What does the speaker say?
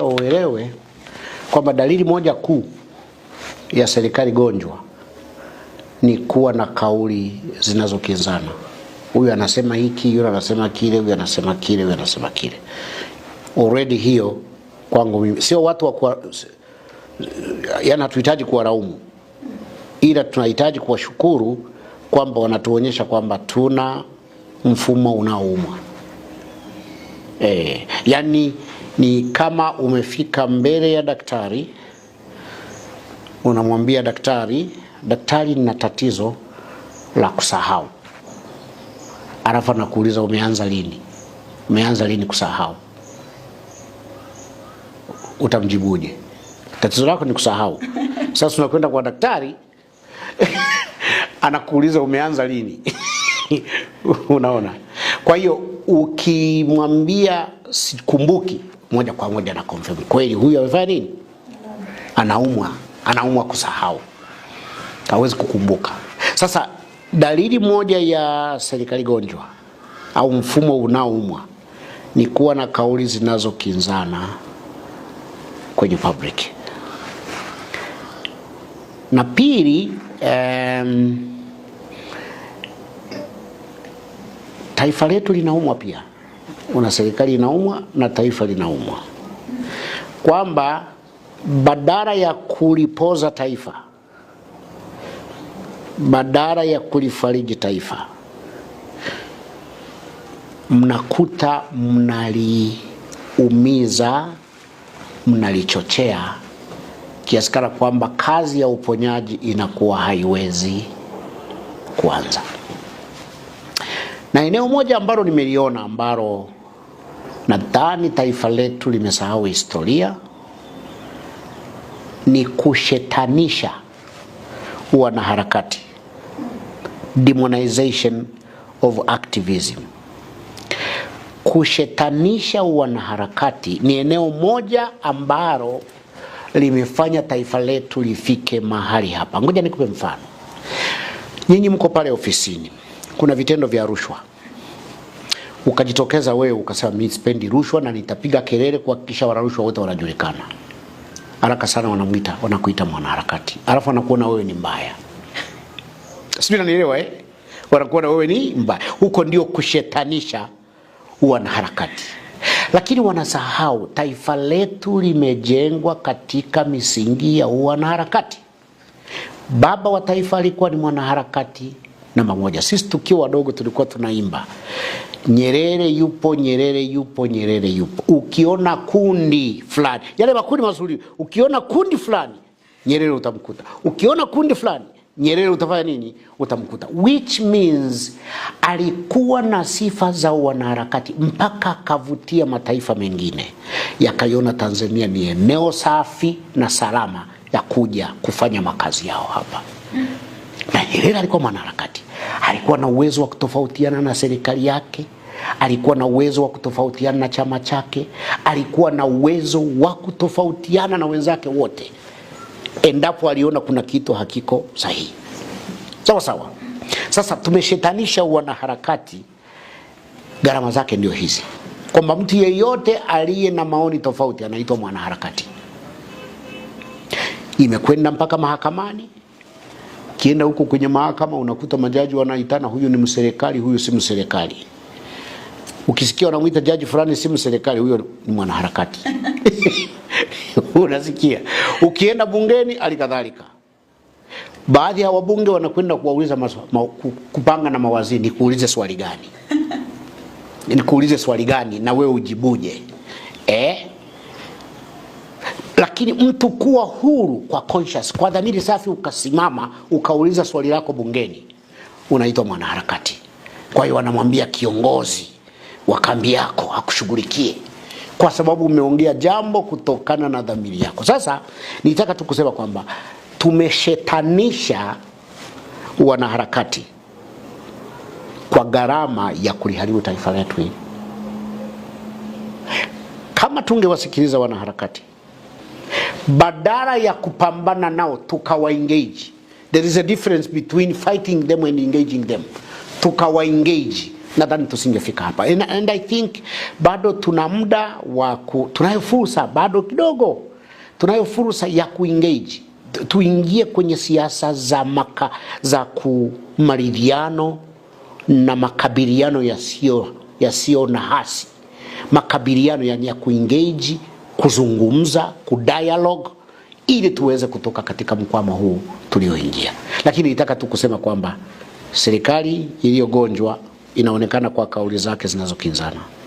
unatakiwa uelewe kwamba dalili moja kuu ya serikali gonjwa ni kuwa na kauli zinazokinzana. Huyu anasema hiki, yule anasema kile, huyu anasema kile, huyu anasema kile. Already hiyo kwangu mimi sio watu wa kuwa, yani hatuhitaji kuwalaumu, ila tunahitaji kuwashukuru kwamba wanatuonyesha kwamba tuna mfumo unaoumwa. E, eh, yani ni kama umefika mbele ya daktari, unamwambia daktari, daktari, nina tatizo la kusahau, alafu anakuuliza umeanza lini? Umeanza lini kusahau? Utamjibuje? Tatizo lako ni kusahau. Sasa unakwenda kwa daktari anakuuliza umeanza lini? Unaona, kwa hiyo ukimwambia sikumbuki moja kwa moja na confirm kweli huyu amefanya nini, anaumwa, anaumwa kusahau, hawezi kukumbuka. Sasa dalili moja ya serikali gonjwa au mfumo unaoumwa ni kuwa na kauli zinazokinzana kwenye public, na pili um, taifa letu linaumwa pia una serikali inaumwa na taifa linaumwa, kwamba badala ya kulipoza taifa, badala ya kulifariji taifa, mnakuta mnaliumiza, mnalichochea kiasi kana kwamba kazi ya uponyaji inakuwa haiwezi kuanza. Na eneo moja ambalo nimeliona ambalo nadhani taifa letu limesahau historia ni kushetanisha wanaharakati, demonization of activism. Kushetanisha wanaharakati ni eneo moja ambalo limefanya taifa letu lifike mahali hapa. Ngoja nikupe mfano. Nyinyi mko pale ofisini kuna vitendo vya rushwa, ukajitokeza wewe ukasema mimi sipendi rushwa na nitapiga kelele kuhakikisha wanarushwa wote wanajulikana. Haraka sana wanamwita wanakuita mwanaharakati, alafu wanakuona wewe ni mbaya, sijui unanielewa eh? Wanakuona wewe ni mbaya, huko ndio kushetanisha wanaharakati. Lakini wanasahau taifa letu limejengwa katika misingi ya wanaharakati. Baba wa taifa alikuwa ni mwanaharakati, namba moja. Sisi tukiwa wadogo tulikuwa tunaimba Nyerere yupo, Nyerere yupo, Nyerere yupo. Ukiona kundi fulani, yale makundi mazuri, ukiona kundi fulani Nyerere utamkuta, ukiona kundi fulani Nyerere utafanya nini? Utamkuta, which means alikuwa na sifa za wanaharakati mpaka akavutia mataifa mengine yakaiona Tanzania ni eneo safi na salama ya kuja kufanya makazi yao hapa na Nyerere alikuwa mwanaharakati, alikuwa na uwezo wa kutofautiana na serikali yake, alikuwa na uwezo wa kutofautiana na chama chake, alikuwa na uwezo wa kutofautiana na wenzake wote, endapo aliona kuna kitu hakiko sahihi. Sawa sawa. Sasa tumeshetanisha wanaharakati, gharama zake ndio hizi, kwamba mtu yeyote aliye na maoni tofauti anaitwa mwanaharakati. Imekwenda mpaka mahakamani. Ukienda huko kwenye mahakama unakuta majaji wanaitana, huyu ni mserikali, huyu si mserikali. Ukisikia wanamuita jaji fulani si mserikali, huyo ni mwanaharakati unasikia. Ukienda bungeni alikadhalika, baadhi ya wabunge wanakwenda kuwauliza kupanga na mawaziri, nikuulize swali gani? nikuulize swali gani na wewe ujibuje? eh? Lakini mtu kuwa huru kwa conscious, kwa dhamiri safi, ukasimama ukauliza swali lako bungeni, unaitwa mwanaharakati. Kwa hiyo wanamwambia kiongozi wa kambi yako akushughulikie kwa sababu umeongea jambo kutokana na dhamiri yako. Sasa nitaka tu kusema kwamba tumeshetanisha wanaharakati kwa gharama ya kuliharibu taifa letu hili. Kama tungewasikiliza wanaharakati badala ya kupambana nao tukawa engage. There is a difference between fighting them and engaging them. Tukawa engage, nadhani tusingefika hapa and, and I think bado tuna muda wa tunayo fursa bado kidogo, tunayo fursa ya kuengage tuingie kwenye siasa za maka, za kumaridhiano na makabiliano yasiyo yasiyo na hasi, makabiliano yani ya kuengage kuzungumza, kudialogue ili tuweze kutoka katika mkwama huu tulioingia. Lakini nitaka tu kusema kwamba serikali iliyogonjwa inaonekana kwa kauli zake zinazokinzana.